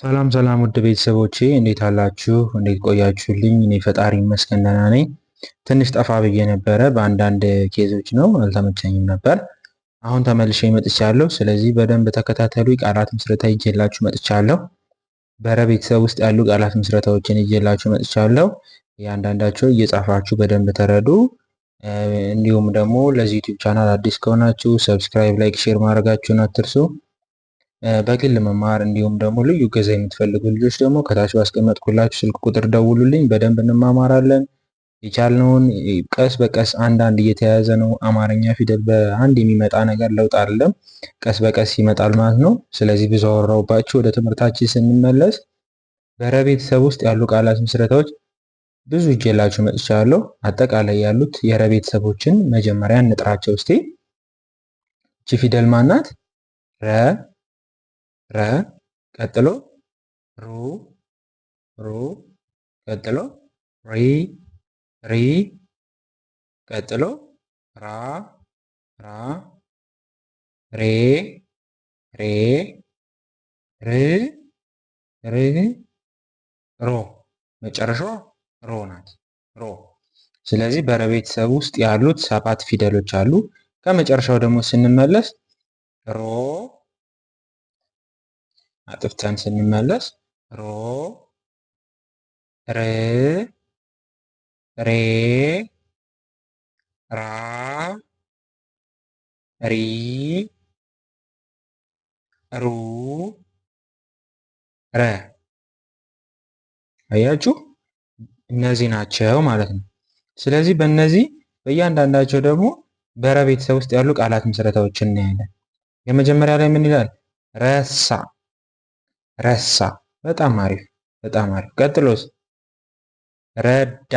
ሰላም ሰላም ውድ ቤተሰቦቼ እንዴት አላችሁ? እንዴት ቆያችሁልኝ? እኔ ፈጣሪ ይመስገን ደህና ነኝ። ትንሽ ጠፋ ብዬ ነበረ፣ በአንዳንድ ኬዞች ነው አልተመቸኝም ነበር። አሁን ተመልሼ መጥቻለሁ። ስለዚህ በደንብ ተከታተሉ። ቃላት ምስረታ ይዤላችሁ መጥቻለሁ። በረ ቤተሰብ ውስጥ ያሉ ቃላት ምስረታዎችን ይዤላችሁ መጥቻለሁ። እያንዳንዳቸው እየጻፋችሁ በደንብ ተረዱ። እንዲሁም ደግሞ ለዚህ ዩቲዩብ ቻናል አዲስ ከሆናችሁ ሰብስክራይብ፣ ላይክ፣ ሼር ማድረጋችሁን አትርሱ። በግል መማር እንዲሁም ደግሞ ልዩ ገዛ የምትፈልጉ ልጆች ደግሞ ከታች ባስቀመጥኩላችሁ ስልክ ቁጥር ደውሉልኝ። በደንብ እንማማራለን። የቻልነውን ቀስ በቀስ አንዳንድ እየተያያዘ ነው። አማርኛ ፊደል በአንድ የሚመጣ ነገር ለውጥ አይደለም፣ ቀስ በቀስ ይመጣል ማለት ነው። ስለዚህ ብዙ አወራውባችሁ። ወደ ትምህርታችን ስንመለስ በረ ቤተሰብ ውስጥ ያሉ ቃላት ምስረታዎች ብዙ እጀላችሁ መጥቻለሁ። አጠቃላይ ያሉት የረ ቤተሰቦችን መጀመሪያ እንጥራቸው እስቲ። እቺ ፊደል ማናት? ረ ረ ቀጥሎ ሩ ሩ ቀጥሎ ሪ ሪ ቀጥሎ ራ ራ ሬ ሬ ር ር ሮ መጨረሻ ሮ ናት። ሮ ስለዚህ በረቤተሰብ ውስጥ ያሉት ሰባት ፊደሎች አሉ። ከመጨረሻው ደግሞ ስንመለስ ሮ አጥፍተን ስንመለስ ሮ ር ሬ ራ ሪ ሩ ረ አያችሁ እነዚህ ናቸው ማለት ነው። ስለዚህ በእነዚህ በእያንዳንዳቸው ደግሞ በረ ቤተሰብ ውስጥ ያሉ ቃላት ምስረታዎችን እናያለን። የመጀመሪያ ላይ ምን ይላል? ረሳ ረሳ። በጣም አሪፍ በጣም አሪፍ። ቀጥሎስ? ረዳ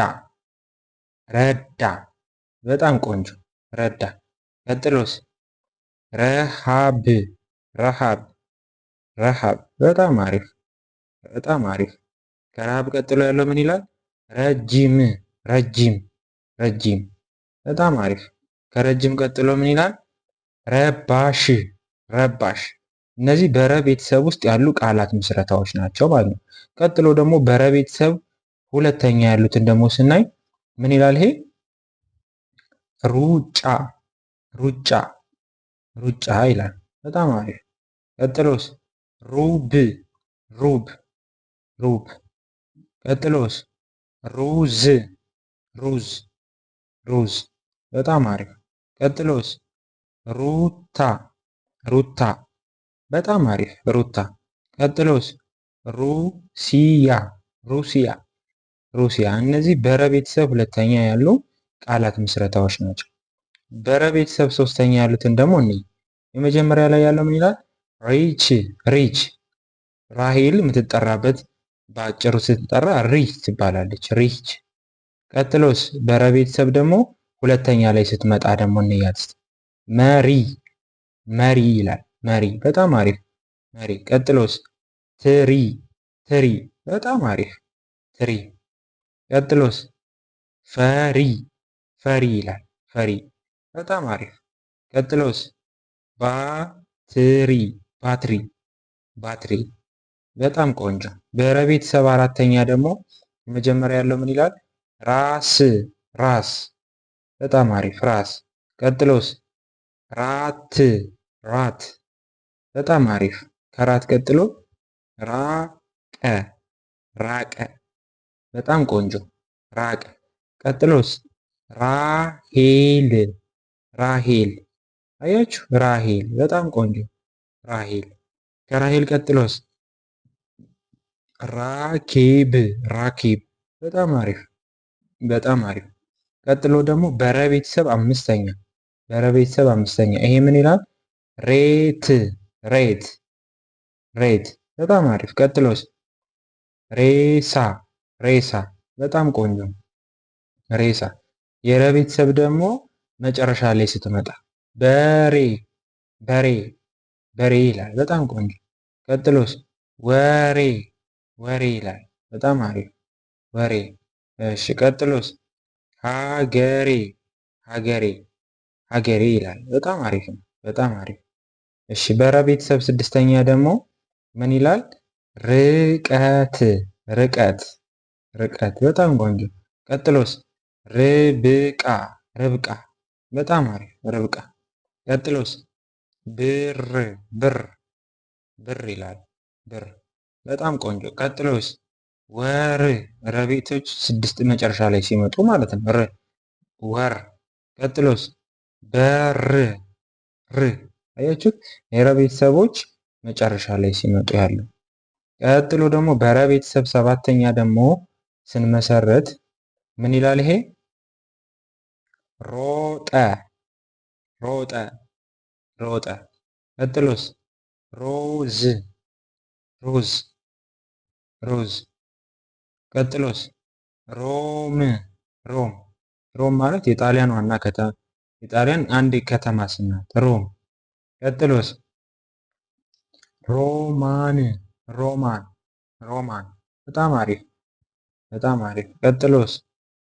ረዳ። በጣም ቆንጆ ረዳ። ቀጥሎስ? ረሃብ ረሃብ ረሃብ። በጣም አሪፍ በጣም አሪፍ። ከረሃብ ቀጥሎ ያለው ምን ይላል? ረጅም ረጅም ረጅም። በጣም አሪፍ። ከረጅም ቀጥሎ ምን ይላል? ረባሽ ረባሽ እነዚህ በረ ቤተሰብ ውስጥ ያሉ ቃላት ምስረታዎች ናቸው ማለት ነው። ቀጥሎ ደግሞ በረ ቤተሰብ ሁለተኛ ያሉትን ደግሞ ስናይ ምን ይላል ይሄ? ሩጫ ሩጫ ሩጫ ይላል። በጣም አሪፍ። ቀጥሎስ ሩብ ሩብ ሩብ። ቀጥሎስ ሩዝ ሩዝ ሩዝ። በጣም አሪፍ። ቀጥሎስ ሩታ ሩታ በጣም አሪፍ ሩታ። ቀጥሎስ ሩሲያ ሩሲያ ሩሲያ። እነዚህ በረ ቤተሰብ ሁለተኛ ያሉ ቃላት ምስረታዎች ናቸው። በረ ቤተሰብ ሶስተኛ ያሉትን ደግሞ እንይ። የመጀመሪያ ላይ ያለው ምን ይላል? ሪች ሪች። ራሂል የምትጠራበት በአጭሩ ስትጠራ ሪች ትባላለች። ሪች። ቀጥሎስ በረ ቤተሰብ ደግሞ ሁለተኛ ላይ ስትመጣ ደግሞ እንያት። መሪ መሪ ይላል መሪ በጣም አሪፍ መሪ። ቀጥሎስ ትሪ ትሪ በጣም አሪፍ ትሪ። ቀጥሎስ ፈሪ ፈሪ ይላል ፈሪ በጣም አሪፍ። ቀጥሎስ ባትሪ ባትሪ ባትሪ በጣም ቆንጆ። በቤተሰብ አራተኛ ደግሞ መጀመሪያ ያለው ምን ይላል? ራስ ራስ በጣም አሪፍ ራስ። ቀጥሎስ ራት ራት በጣም አሪፍ። ከራት ቀጥሎ ራቀ ራቀ። በጣም ቆንጆ ራቀ። ቀጥሎስ ራሄል ራሄል። አያችሁ ራሄል። በጣም ቆንጆ ራሄል። ከራሄል ቀጥሎስ ራኬብ ራኬብ። በጣም አሪፍ በጣም አሪፍ። ቀጥሎ ደግሞ በረ አምስተኛ በረ ቤተሰብ አምስተኛ። ይሄ ምን ይላል? ሬት ሬት ሬት በጣም አሪፍ። ቀጥሎስ? ሬሳ ሬሳ በጣም ቆንጆ። ሬሳ የረ ቤተሰብ ደግሞ መጨረሻ ላይ ስትመጣ በሬ በሬ በሬ ይላል። በጣም ቆንጆ። ቀጥሎስ? ወሬ ወሬ ይላል። በጣም አሪፍ ወሬ። እሺ ቀጥሎስ? ሀገሬ ሀገሬ ሀገሬ ይላል። በጣም አሪፍ ነው። በጣም አሪፍ እሺ በረ ቤተሰብ ስድስተኛ ደግሞ ምን ይላል? ርቀት ርቀት ርቀት። በጣም ቆንጆ። ቀጥሎስ ርብቃ ርብቃ። በጣም አሪፍ ርብቃ። ቀጥሎስ ብር ብር ብር ይላል ብር። በጣም ቆንጆ። ቀጥሎስ ወር ረቤቶች ስድስት መጨረሻ ላይ ሲመጡ ማለት ነው። ር ወር። ቀጥሎስ በር ር አያችሁት? የረ ቤተሰቦች መጨረሻ ላይ ሲመጡ ያለው። ቀጥሎ ደግሞ በረ ቤተሰብ ሰባተኛ ደግሞ ስንመሰረት ምን ይላል ይሄ? ሮጠ ሮጠ ሮጠ። ቀጥሎስ? ሮዝ ሮዝ ሮዝ። ቀጥሎስ? ሮም ሮም ሮም ማለት የጣሊያን ዋና ከተማ የጣሊያን አንድ ከተማ ስናት ሮም ቀጥሎስ ሮማን ሮማን ሮማን በጣም አሪፍ በጣም አሪፍ። ቀጥሎስ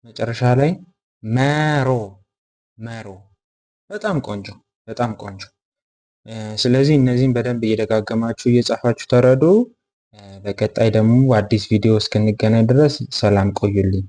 መጨረሻ ላይ መሮ መሮ በጣም ቆንጆ በጣም ቆንጆ። ስለዚህ እነዚህን በደንብ እየደጋገማችሁ እየጻፋችሁ ተረዱ። በቀጣይ ደግሞ አዲስ ቪዲዮ እስክንገናኝ ድረስ ሰላም ቆዩልኝ።